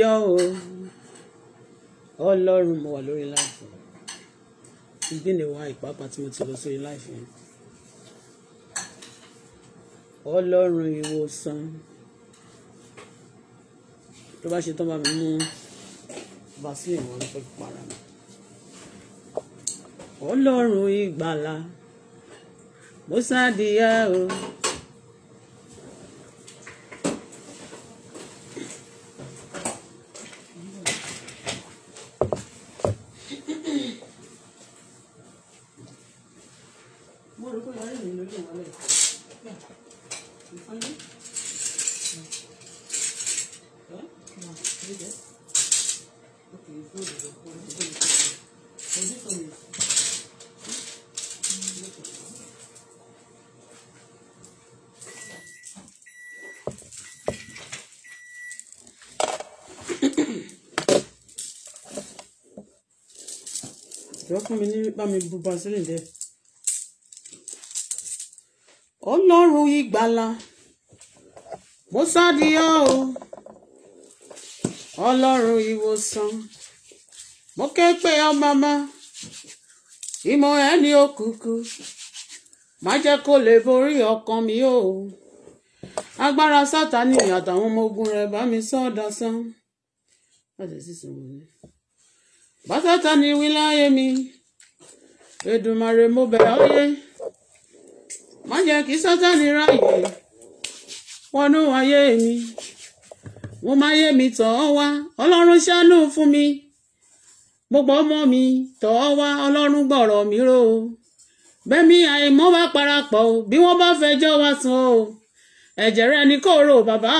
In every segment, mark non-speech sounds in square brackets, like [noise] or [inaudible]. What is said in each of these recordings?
yọ o ọlọ́run mo wà lórí láìfẹ́ ìgbìnlẹ̀ wa ìpápá tí mo ti lọ sórí láìfẹ́ ọlọ́run ìwòsàn tó bá ṣe tán bá mi mú vaseline wọn fẹ́ para mi ọlọ́run ìgbàlà mo sáà di yá o. ló lè wọlé ìfọ́nlé. Okay, you fold it. Hold ọlọ́run ìgbàlà mọ́sádìyà o ọlọ́run ìwòsàn mo ké pé ọmọọmọ ìmọ̀ ẹni òkùnkùn má jẹ́ kó lè borí ọkàn mi o agbára sátani àtàwọn ọmọ ogun rẹ̀ bá mi sọ ọ́ dasán bá sátani wí láyé mi Èdùmàrè mo bẹ̀ ọ́ yé. má jẹ́ kí sátánì ráàyè wọnú ayé mi mo máa yé mi tọ̀ ọ́ wá ọlọ́run ṣàánú fún mi gbogbo ọmọ mi tọ̀ ọ́ wá ọlọ́run gbọ̀rọ̀ mi ró o bẹ́mi àìmọ́ bá parapọ̀ o bí wọ́n bá fẹjọ́ wa sùn o ẹ̀jẹ̀ rẹ ni kò rò bàbá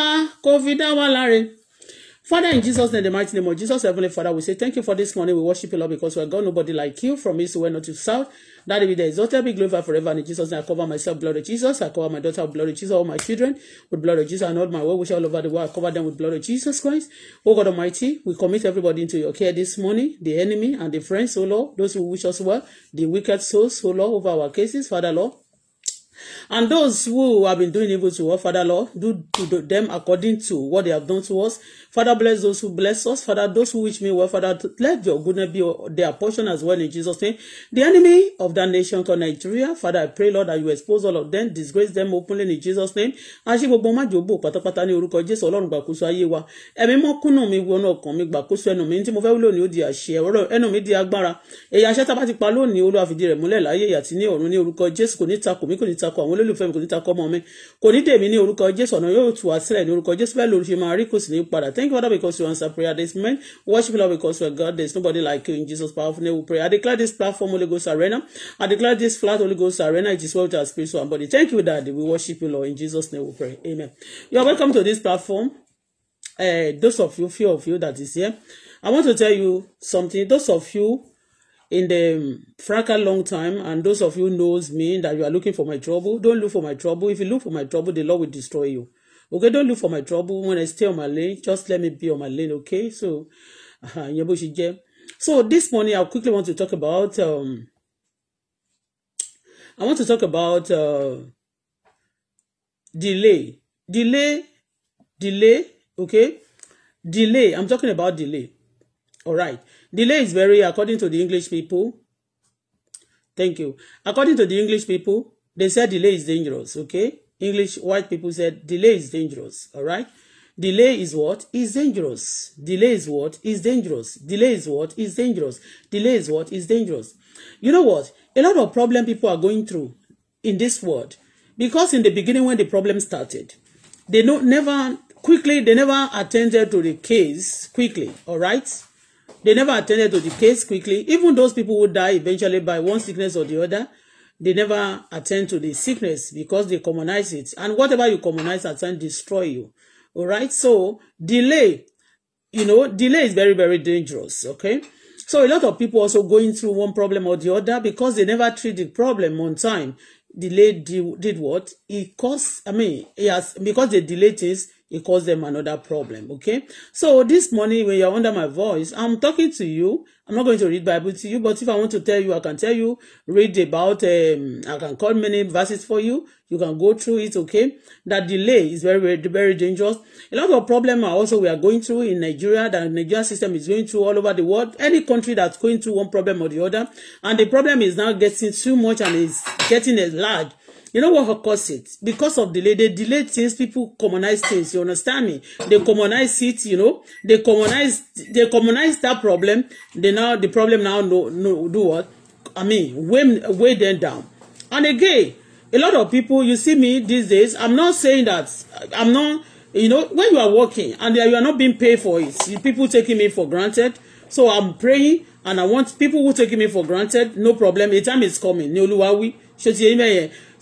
kò fi dá wa láre. Father, in Jesus' name, the mighty name of Jesus, Heavenly Father, we say thank you for this morning. We worship you, Lord, because we are God, nobody like you, from east to west, north to south. That will be the exalted, be glorified forever. And in Jesus' I cover myself, blood of Jesus. I cover my daughter, blood of Jesus. All my children with blood of Jesus. And all my work, which all over the world, I cover them with blood of Jesus Christ. Oh God Almighty, we commit everybody into your care this morning. The enemy and the friends, oh Lord, those who wish us well, the wicked souls, oh Lord, over our cases, Father Lord. And those who have been doing evil to us, Father Lord, do to them according to what they have done to us. Father, bless those who bless us. Father, those who wish me well, Father, let your goodness be their portion as well in Jesus' name. The enemy of that nation called Nigeria, Father, I pray, Lord, that you expose all of them, disgrace them openly in Jesus' name. Àṣé gbogbo má jòbó pátápátá ní orúkọ Jésù Ọlọ́run gbàkóso ayé wa. Ẹ̀mí mọ́ kúnnù mi wọnú ọkàn mi gbàkóso mi tí mo fẹ́ wúlò ní di àṣẹ ọ̀rọ̀ ẹnu mi di agbára. Èyí àṣẹ tá a ti pa lónìí Olúwa fìdí rẹ̀ múlẹ̀ láyé àti ní ọ̀run ní orúkọ Jésù kò ní takò mí kò ní takò takò àwọn olólùfẹ́ mi kò ní takò ọmọ mi kò ní dèmí ní orúkọ jésù ọ̀nà yóò tù wá sílẹ̀ ní orúkọ jésù bẹ́ẹ̀ lórí ṣe máa rí kò sì ní padà thank you father because you answer prayer this man worship lord because you are God there is nobody like you in Jesus powerful name we pray I declare this platform Holy Ghost arena I declare this flat Holy Ghost arena it is well to our spiritual and body thank you daddy we worship you lord in Jesus name we pray amen you are welcome to this platform uh, those of you few of you that is here I want to tell you something those of you in the um, fracker long time and those of you knows me that you are looking for my trouble don't look for my trouble if you look for my trouble the lord will destroy you okay don't look for my trouble when i stay on my lane just let me be on my lane okay so uh-huh, ìyẹn bó so this morning i quickly want to talk about um, i want to talk about uh, delay delay delay okay delay i'm talking about delay All right. Delay is very, according to the English people. Thank you. According to the English people, they said delay is dangerous. Okay. English white people said delay is dangerous. All right. Delay is what? Is dangerous. Delay is what? Is dangerous. Delay is what? Is dangerous. Delay is what? Is dangerous. You know what? A lot of problem people are going through in this world because in the beginning when the problem started, they no never quickly they never attended to the case quickly. All right. They never attended to the case quickly. Even those people who die eventually by one sickness or the other, they never attend to the sickness because they commonize it. And whatever you commonize at times destroy you. All right. So delay, you know, delay is very, very dangerous. Okay. So a lot of people also going through one problem or the other because they never treat the problem on time. Delay did, what? It caused, I mean, it has, because they delay things, it caused them another problem. Okay. So this morning, when you're under my voice, I'm talking to you. I'm not going to read Bible to you, but if I want to tell you, I can tell you, read about, um, I can call many verses for you. You can go through it. Okay. That delay is very, very, very dangerous. A lot of problem are also we are going through in Nigeria. that Nigerian system is going through all over the world. Any country that's going through one problem or the other. And the problem is now getting too much and is getting large You know what will cause it? Because of delay. They delay things. People commonize things. You understand me? They commonize it, you know. They commonize they commonize that problem. They now the problem now no no do what? I mean, weigh, weigh them down. And again, a lot of people, you see me these days, I'm not saying that, I'm not, you know, when you are working and you are not being paid for it, people taking me for granted. So I'm praying and I want people who taking me for granted, no problem, a time is coming. Ni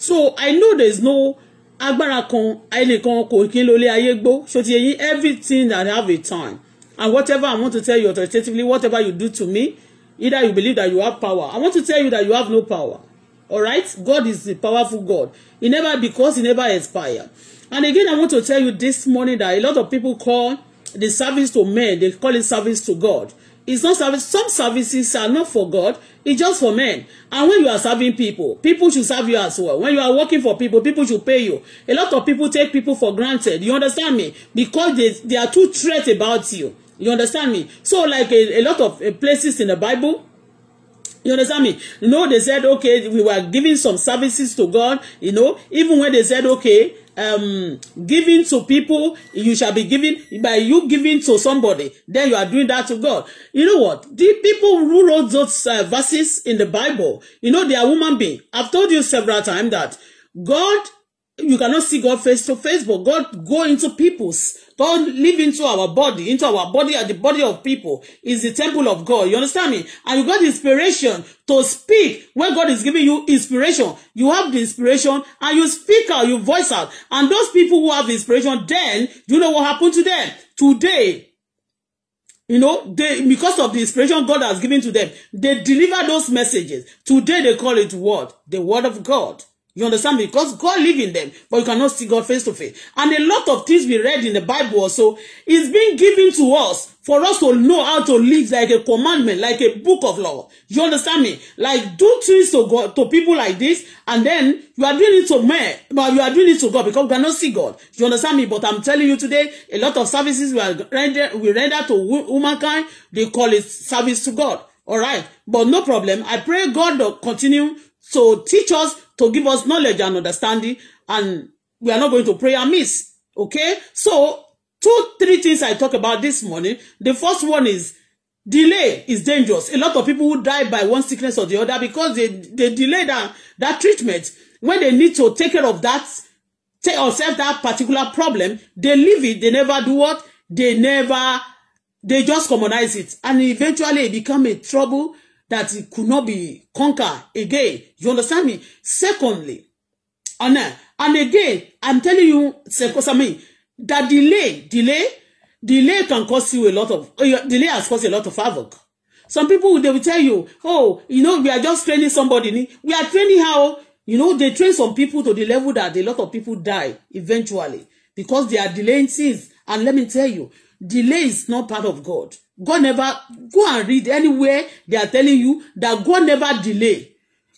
so i know there is no agbára kan ẹnìkan kò kí n lólé ayé gbó ṣó ti yẹyin everything that have a time and whatever i want to tell you authoritatively whatever you do to me either you believe that you have power i want to tell you that you have no power all right god is a powerful god he never because he never expire and again i want to tell you this morning that a lot of people call the service to men they call it service to god It's not service. Some services are not for God. It's just for men. And when you are serving people, people should serve you as well. When you are working for people, people should pay you. A lot of people take people for granted. You understand me? Because they, they are too threat about you. You understand me? So like a, a lot of uh, places in the Bible, you understand me? You know, they said, okay, we were giving some services to God, you know, even when they said, okay, um, giving to people you shall be giving by you giving to somebody then you are doing that to God you know what the people who wrote those uh, verses in the Bible you know they are human being I've told you several times that God you cannot see God face to face but God go into people's God live into our body, into our body and the body of people is the temple of God. You understand me? And you got inspiration to speak when God is giving you inspiration. You have the inspiration and you speak out, you voice out. And those people who have inspiration, then you know what happened to them today. You know, they because of the inspiration God has given to them, they deliver those messages. Today they call it word, the word of God. You understand me? Because God lives in them, but you cannot see God face to face. And a lot of things we read in the Bible also is being given to us for us to know how to live like a commandment, like a book of law. You understand me? Like do things to God, to people like this, and then you are doing it to men, but you are doing it to God because you cannot see God. You understand me? But I'm telling you today, a lot of services we are render, we render to humankind, they call it service to God. All right, but no problem. I pray God to continue to teach us to give us knowledge and understanding, and we are not going to pray amiss. Okay? So, two, three things I talk about this morning. The first one is delay is dangerous. A lot of people who die by one sickness or the other because they, they delay that, that treatment. When they need to take care of that, take or solve that particular problem, they leave it, they never do what? They never, they just commonize it. And eventually it become a trouble that it could not be conquered again. You understand me? Secondly, and, uh, and again, I'm telling you, because I mean that delay, delay, delay can cost you a lot of, uh, delay has caused a lot of havoc. Some people, they will tell you, oh, you know, we are just training somebody. We are training how, you know, they train some people to the level that a lot of people die eventually because they are delaying things. And let me tell you, delay is not part of God. God never, go and read anywhere they are telling you that God never delay.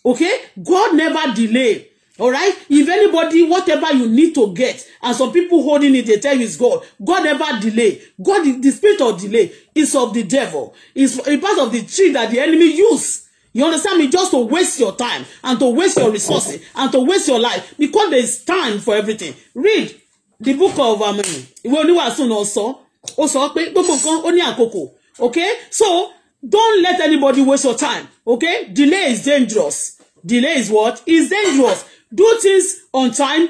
Okay? God never delay. All right? If anybody, whatever you need to get, and some people holding it, they tell you it's God. God never delay. God, the spirit of delay is of the devil. It's a part of the tree that the enemy use. You understand me? Just to waste your time and to waste your resources and to waste your life because there is time for everything. Read the book of um, Iwe Oniwasu also ó sọ pé gbogbo nǹkan ó ní àkókò okay so don't let anybody waste your time okay delay is dangerous delay is what is dangerous do things on time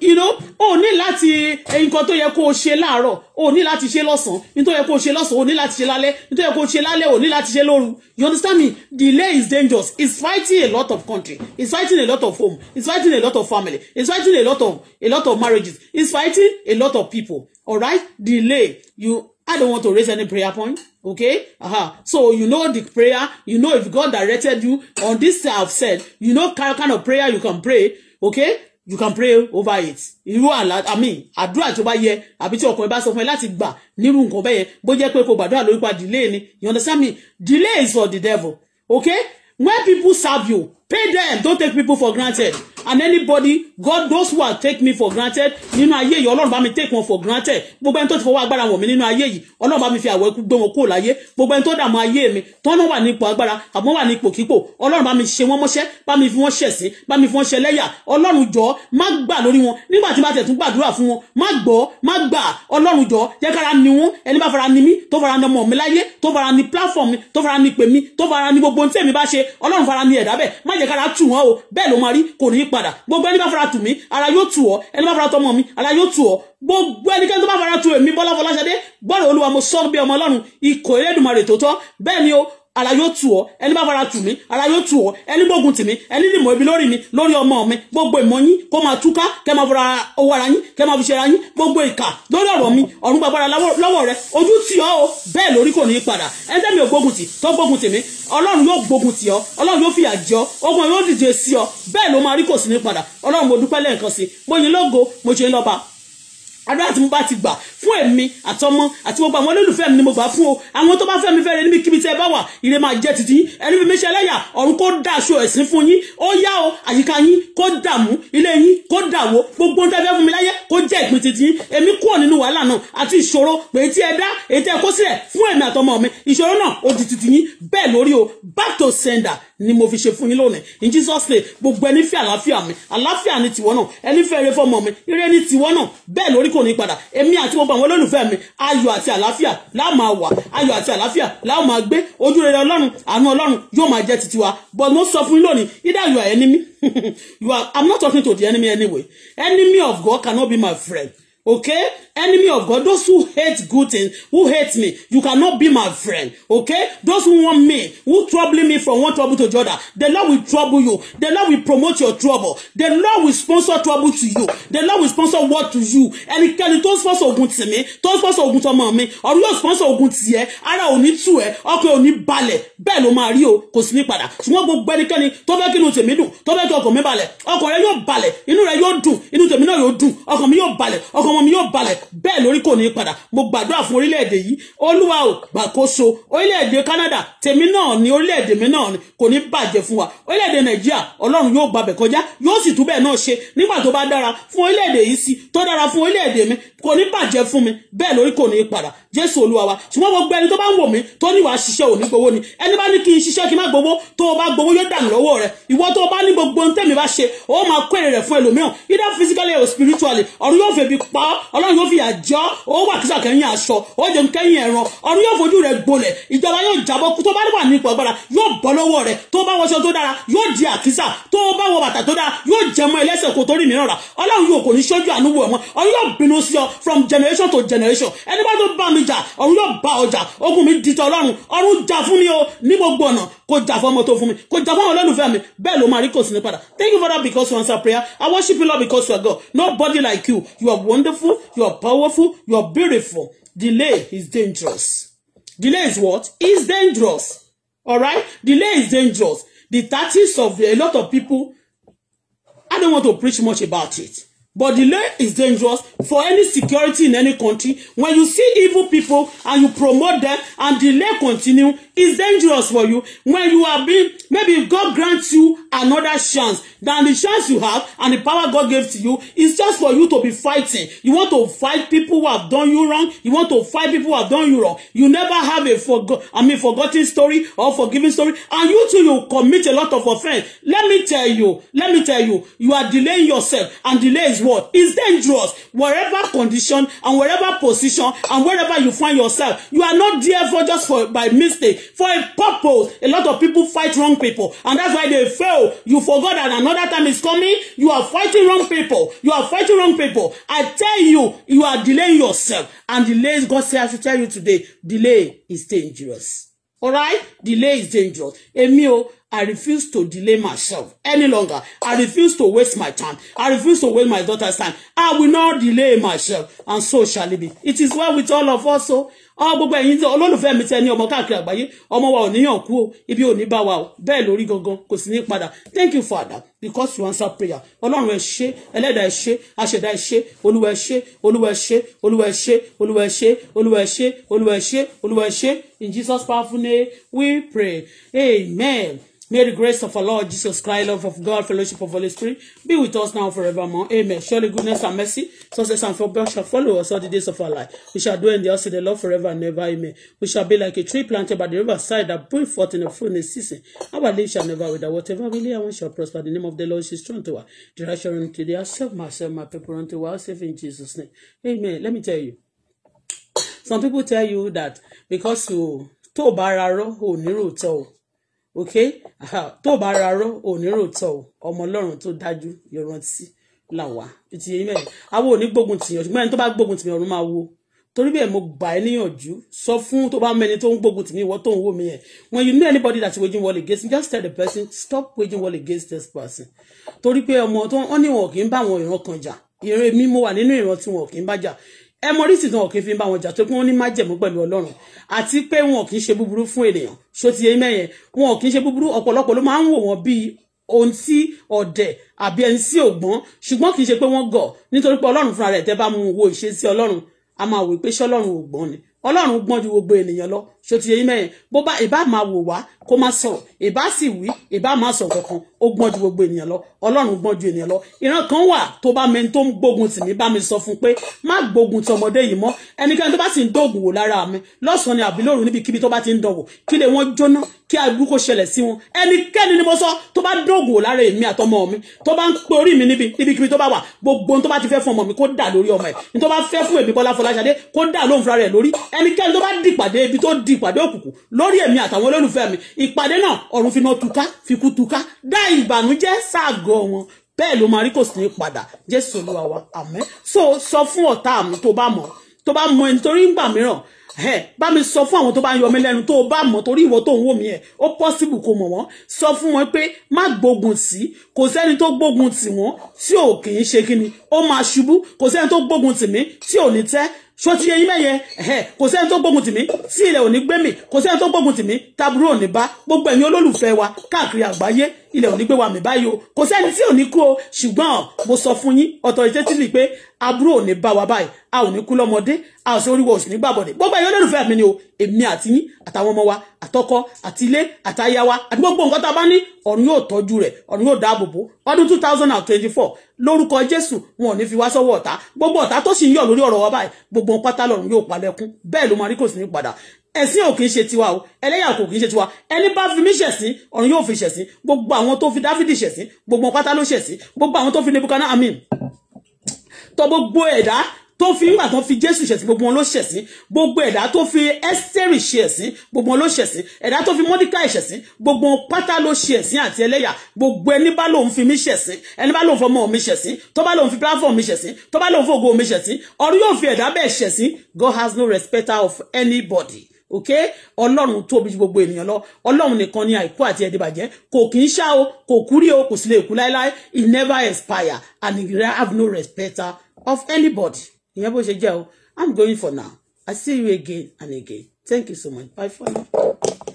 you know o ní láti nǹkan tó yẹ kó o ṣe láàárọ̀ o ní láti ṣe lọ́sàn ní tó yẹ kó o ṣe lọ́sàn o ní láti ṣe lálẹ́ ní tó yẹ kó o ṣe lálẹ́ o ní láti ṣe lóru you understand me delay is dangerous it's fighting a lot of country it's fighting a lot of home it's fighting a lot of family it's fighting a lot of a lot of marriages it's fighting a lot of people All right, delay. You, I don't want to raise any prayer point. Okay, uh-huh. So you know the prayer. You know if God directed you on this I've said. You know kind of prayer you can pray. Okay, you can pray over it irú àlá àmì àdúrà tó bá yẹ àbí tí ọkùnrin bá sọ fún ẹ láti gbà nírú nǹkan bẹ́ẹ̀ yẹn bó jẹ́ pé kò gbàdúrà lórí pa delay ni you understand me delay is for the devil okay when people serve you pay them don't take people for granted and anybody God those who are take me for granted nínú ayé yìí ọlọ́run bá mi take wọn for granted gbogbo ẹni tó ti fọwọ́ agbára wọn mi nínú ayé yìí ọlọ́run bá mi fi àwọ̀ ẹkú gbé wọn kúrò láyé gbogbo ẹni tó dààmú ayé mi tọ́nà wà ní ipò agbára àbọ̀ wà ní ipò kípò ọlọ́run bá mi ṣe wọ́n mọ́ṣẹ́ bá mi fi wọ́n ṣẹ̀sín bá mi fi wọ́n ṣẹlẹ́yà ọlọ́run jọ má gbà lórí wọn nígbà tí bá tẹ̀ tún gbàdúrà fún wọn má gbọ́ má gbà ọlọ́run jọ jẹ́ kára ni wọn ẹni bá fara ni mí tó fara ni ọmọ mi láyé tó fara ni platform mi tó fara ni pè mí tó fara ni gbogbo ohun tí èmi bá ṣe ọlọ́run fara ni ẹ̀dá bẹ́ẹ̀ má jẹ́ kára tù wọ́n o bẹ́ẹ̀ ló máa rí kò ní í pa padà gbogbo ẹni bá fara tù mí ara yóò tù ọ́ ẹni bá fara tọmọ mi ara yóò tù ọ́ gbogbo ẹnikẹ́ni tó bá fara tù èmi Bọ́lá Fọláṣadé gbọ́dọ̀ Olúwa mo sọ bí ọmọ Ọlọ́run ikọ̀ Elédùmarè tó tọ́ bẹ́ẹ̀ ni o ara yóò tù ọ́ ẹni bá fara tù mí ara yóò tù ọ́ ẹni gbógun tì mí ẹni nìmọ̀ ibi lórí mi lórí ọmọ mi gbogbo ìmọ̀ yín kó máa túká kẹ́ máa fara owó ara yín kẹ́ máa fi ṣe ara yín gbogbo ìkà lórí ọ̀rọ̀ mi ọ̀run gbàgbára lọ́wọ́ rẹ ojú tì ọ́ o bẹ́ẹ̀ lórí kò ní í padà ẹni tẹ́mi ò gbógun tì tó gbógun tì mí ọlọ́run yóò gbógun tì ọ́ ọlọ́run yóò fìyà jẹ ọ́ ogun yóò dìde sí ọ bẹ́ẹ̀ ló máa rí kò sí ní padà ọlọ́run mo dúpẹ́ lẹ́ẹ̀kan sí mo yìn lógo mo ṣe ń lọ́ba àdúrà tí mo bá ti gbà fún èmi àtọmọ àti gbogbo àwọn olólùfẹ́ mi ni mo gbà fún o àwọn tó bá fẹ́ mi fẹ́ rẹ níbi kíbi tí ẹ bá wà ire máa jẹ́ titi yín ẹni fi mi ṣe ẹlẹ́yà ọ̀run kó dà aṣọ ẹ̀sìn fún yín ó yá o àyíká yín kó dààmú ilé yín kó dàwó gbogbo ohun tó fẹ́ fún mi láyé kó jẹ́ ìpín titi yín èmi kúrò nínú wàhálà náà àti ìṣòro pé tí ẹ dá ètò ẹ̀kọ́ sílẹ̀ fún èmi àtọmọ mi ìṣòro náà ó di titi yín bẹ́ẹ̀ lórí o back to sender ni mo fi ṣe fún yín lónìí in Jesus name gbogbo ẹni fẹ́ àlàáfíà mi àlàáfíà ni tìwọ náà ẹni fẹ́ eré fọmọ mi eré ni tìwọ náà bẹ́ẹ̀ lórí kò ní padà èmi àti gbogbo àwọn olólùfẹ́ mi ayọ̀ àti àlàáfíà láà máa wà ayọ̀ àti àlàáfíà láà máa gbé ojú rere ọlọ́run àánú ọlọ́run yóò máa jẹ́ titi wa but mo sọ fún yín lónìí either you are enemy [laughs] you are I'm not talking to the enemy anyway enemy of God cannot be my friend okay enemy of God those who hate good things who hate me you cannot be my friend okay those who want me who trouble me from one trouble to the other the Lord will trouble you the Lord will promote your trouble the Lord will sponsor trouble to you the Lord will sponsor war to you ẹnikẹ́ni tó ń sponsor ogun tì mí tó ń sponsor ogun tọmọ mi ọ̀run yóò sponsor ogun tì ẹ́ ara ò ní tù ẹ́ ọkàn ò ní balẹ̀ bẹ́ẹ̀ ló máa rí o kò sí ní padà ṣùgbọ́n gbogbo ẹnikẹ́ni tó fẹ́ kí inú tèmi dùn tó fẹ́ kí ọkàn mi balẹ̀ ọkàn rẹ yóò balẹ̀ inú rẹ yóò dùn inú tèmi náà yóò dùn ọkàn mi yóò balẹ̀ ọkàn ọkàn mi yóò balẹ̀ bẹ́ẹ̀ lórí kò ní padà mo gbàdúrà fún orílẹ̀-èdè yìí olúwa ò gbàkóso orílẹ̀-èdè Canada tèmi náà ni orílẹ̀-èdè mi náà ni kò ní bàjẹ́ fún wa orílẹ̀-èdè Nàìjíríà ọlọ́run yóò gbabẹ̀ kọjá yóò sì túbẹ̀ náà ṣe nígbà tó bá dára fún orílẹ̀-èdè yìí sí tó dára fún orílẹ̀-èdè mi kò ní bàjẹ́ fún mi bẹ́ẹ̀ lórí kò ní padà jésù olúwa wa ṣùgbọ́n gbogbo ẹni tó bá ń wò mí tó ní wàá ṣiṣẹ́ òní gbowó ni ẹni bá ní kí n ṣiṣẹ́ kí n má gbowó tó o bá gbowó yóò dànù lọ́wọ́ rẹ ìwọ tó o bá ní gbogbo ohun tẹ̀mí bá ṣe ó máa kó èrè rẹ̀ fún ẹlòmíràn either physically or spiritually ọ̀run yóò fèbi pa ọ́ ọlọ́run yóò fi yà jọ́ ó wà kíṣà kẹ́yìn aṣọ ó jẹun kẹ́yìn ẹ̀rọ ọ̀run yóò fojú rẹ̀ gbolẹ̀ ìjọba yóò jábọ́ tó bá wà nípò agbára yóò bọ́ lọ́wọ́ rẹ̀ tó bá wọṣọ tó dára yóò di àkísà tó bá wọ bàtà tó dára yóò jẹmọ ẹlẹ́sẹ̀ kó torí mìíràn rà ọlọ́run yóò kò ní ṣojú àánú wọ̀ wọn ọ̀run from generation to generation ẹni bá jà ọ̀run yóò bá ọjà ogun mi dìtọ̀ ọlọ́run ọ̀run jà fún mi o ní gbogbo ọ̀nà kó jà fún ọmọ tó fún mi kó jà fún àwọn olólùfẹ́ mi bẹ́ẹ̀ ló máa rí kò sí ní padà thank you father because you answer prayer i worship you lord because you are god nobody like you you are wonderful you are powerful you are beautiful delay is dangerous delay is what is dangerous all right delay is dangerous the tactics of a lot of people i don't want to preach much about it But delay is dangerous for any security in any country. When you see evil people and you promote them and delay continue, Is dangerous for you when you are being, maybe God grants you another chance than the chance you have and the power God gave to you. It's just for you to be fighting. You want to fight people who have done you wrong. You want to fight people who have done you wrong. You never have a forgo I mean, forgotten story or forgiving story. And you too, you commit a lot of offense. Let me tell you, let me tell you, you are delaying yourself and delay is what? is dangerous. Wherever condition and wherever position and wherever you find yourself, you are not there for just for by mistake for a purpose. A lot of people fight wrong people, and that's why they fail. You forgot that another time is coming. You are fighting wrong people. You are fighting wrong people. I tell you, you are delaying yourself. And delays, God says, I should tell you today, delay is dangerous. All right? Delay is dangerous. Èmi I refuse to delay myself any longer. I refuse to waste my time. I refuse to waste my daughter's time. I will not delay myself. And so shall it be. It is well with all of us. So, ọ gbogbo ẹ̀yin tí olólùfẹ́ mi tẹ́ ní ọmọ káàkiri àgbáyé ọmọ wa ò níyàn kú o ibi ò ní bá wa o bẹ́ẹ̀ lórí gangan kò sì ní padà thank you father because you answer prayer ọlọ́run ẹ ṣé ẹlẹ́dàá ẹ ṣé aṣẹ̀dá ẹ ṣé olúwa ẹ ṣé olúwa ẹ ṣé olúwa ẹ ṣé olúwa ẹ ṣé olúwa ẹ ṣé olúwa ẹ ṣé olúwa ẹ ṣé in jesus powerful name we pray amen. May the grace of our Lord Jesus Christ, love of God, fellowship of Holy Spirit be with us now forevermore. Amen. Surely goodness and mercy, success and favor shall follow us all the days of our life. We shall dwell in the house of the Lord forever and ever. Amen. We shall be like a tree planted by the riverside that bring forth in the fruit season. Our leaves shall never wither. Whatever we lay, our shall prosper. The name of the Lord is strong to us. The Direction unto the ourselves, myself, my people unto us, Save in Jesus' name. Amen. Let me tell you. Some people tell you that because you tó bararo ara rọ ò okay [laughs] tó bá ra ró oníròótọ́ ọmọ ọlọ́run tó dájú yọrántí làwà ti yẹn mẹ́rin àwọn òní gbógun tìyàn ṣùgbọ́n ẹni tó bá gbógun tìyàn ọ̀run máa wo torí bẹ́ẹ̀ mo gbà ẹ́ níyànjú sọ fún tó bá mẹ́ni tó ń gbógun tì mí ìwọ tó ń wò mí yẹn when you know anybody that's waging war against me just tell the person stop waging war against this person torí pé ọmọ tó wọ́n ní wọn kì í bá àwọn ìran kan jà ìran mi mo wà nínú ìran tí wọn kì í bá jà ẹ mọ orísìí tán òkè fi ń bá wọn jà tó pé wọn ní májẹ̀mú pẹ̀lú Ọlọ́run àti pé wọn kì í ṣe búburú fún ènìyàn ṣó ti eyín mẹyẹ wọn kì í ṣe búburú ọ̀pọ̀lọpọ̀ ló máa ń wò wọn bíi ohun tí ọ̀dẹ̀ àbí ẹni sí ògbọ́n ṣùgbọ́n kì í ṣe pé wọ́n gọ̀ nítorí pé Ọlọ́run fúnra rẹ̀ tẹ́ bá mú wo ìṣesí Ọlọ́run a máa wò pé ṣé Ọlọ́run ògbọ́n ni Ọlọ́run gbọ́n ju gbogbo ènìyàn lọ ṣé o ti yẹ yín mẹ́yẹn bó bá ìbá máa wò wá kó má sọ̀rọ̀ ìbá sì wí ìbá máa sọ̀rọ̀ kankan ó gbọ́n ju gbogbo ènìyàn lọ ọlọ́run gbọ́n ju ènìyàn lọ ìran kan wà tó bá mẹni tó ń gbógun tì mí bá mi sọ fún pé má gbógun ti ọmọdé yìí mọ́ ẹnikẹ́ni tó bá sì ń dóògùn wò lára mi lọ́sàn-án ni àbí lóru níbikíbi tó bá ti ń dọ̀wọ̀ kí lè wọ́n jóná kí agbú kó ṣẹlẹ̀ sí wọn ẹnikẹ́ni ni mo sọ tó bá dóògùn wò lára èmi àtọmọ mi tó bá ń pe orí mi níbi níbikíbi tó bá wà gbogbo tó bá ti fẹ́ fún ọmọ mi kó dà lórí ọmọ ẹ̀ ní tó bá fẹ́ fún èmi Bọ́lá Fọláṣadé kó dà lóhùn fúnra rẹ̀ lórí ẹnikẹ́ni tó bá dìpàdé ibi tó dì ìpàdé òkùnkùn lórí èmi àtàwọn olólùfẹ́ mi ìpàdé náà ọ̀run fi náà túká fikú túká dá ìbànújẹ́ ságọ̀ wọn bẹ́ẹ̀ ló máa rí kò sí ní padà jésù olúwa wa so sọ fún ọ̀tá mi tó bá mọ̀ tó bá mọ̀ ẹni torí ńgbà mìíràn ẹ bá mi sọ fún àwọn tó bá ń yọ mí lẹ́nu tó o bá mọ̀ torí ìwọ tó ń wò mí ẹ̀ ó pọ́sibù kò mọ̀ wọ́n sọ fún wọn pé má gbógun tì kò sẹ́ni tó gbógun tì wọ́n tí ò kì í ṣe kí ni ó máa ṣubú kò sẹ́ni tó gbógun tì mí tí ò ní tẹ́ ṣó ti yẹ yín mẹ́yẹ kò sẹ́ni tó gbógun tì mí sí ilẹ̀ ò ní gbé mi kò sẹ́ni tó gbógun tì mí taburú ò ní bá gbogbo ẹ̀yin olólùfẹ́ wa káàkiri àgbáyé ilẹ̀ ò ní gbé wa mì báyìí o kò sẹ́ni tí ò ní kú o ṣùgbọ́n mo sọ fún yín authoritatively pé aburú ò ní bá wa báyìí a ò ní kú lọ́mọdé a ò sí oríwọ̀ òsì nígbà bọ̀dẹ̀ gbogbo ẹ̀yọ́ lólùfẹ́ mi ni o èmi àti yín àtàwọn ọmọ wa àtọkọ àti ilé àtaya wa àti gbogbo nǹkan tá a bá ní ọ̀run yóò tọ́jú rẹ̀ ọ̀run yóò dáàbò bò ọdún two thousand and twenty-four lórúkọ Jésù wọn ò ní fi wá sọ́wọ́ ọ̀tá gbogbo ọ̀tá tó sì ń yọ̀ lórí ọ̀rọ̀ wa báyìí gbogbo pátá lọ́run yóò palẹ̀kùn bẹ́ẹ̀ ló máa rí kò sí ní padà ẹ̀sìn ò kì í ṣe tiwa o ẹlẹ́yà kò kì í ṣe tiwa ẹni bá fi mí ṣẹ̀sìn ọ̀run yóò fi ṣẹ̀sìn gbogbo àwọn tó fi dáfídì ṣẹ̀sìn gbogbo pátá ló ṣẹ̀sìn gbogbo àwọn tó fi nebukana amin tó gbogbo ẹ̀dá tó fi nígbà tó fi jésù ṣẹ̀sìn gbogbo wọn ló ṣẹ̀sìn gbogbo ẹ̀dá tó fi ẹ́sítẹ́rì ṣẹ̀sìn gbogbo wọn ló ṣẹ̀sìn ẹ̀dá tó fi mọ́díkà ṣẹ̀sìn gbogbo wọn pátá ló ṣẹ̀sìn àti ẹlẹ́yà gbogbo ẹni bá lòun fi mí ṣẹ̀sìn ẹni bá lòun fọmọ mi ṣẹ̀sìn tó bá lòun fi platform mi ṣẹ̀sìn tó bá lòun fògo mi ṣẹ̀sìn ọ̀run yóò fi ẹ̀dá bẹ́ẹ̀ ṣẹ̀sìn God has no respecter of anybody okay ọlọ́run tóbi ju gbogbo ènìyàn lọ ọlọ́run nìkan ni àìkú àti ẹ̀dìbàjẹ́ kò kì í ṣá o kò kúrí o kò sì lè kú láéláé it never expire and it have no respecter of anybody ìyẹn bó ṣe jẹ́ o i'm going for now i see you again and again thank you so much bye for now.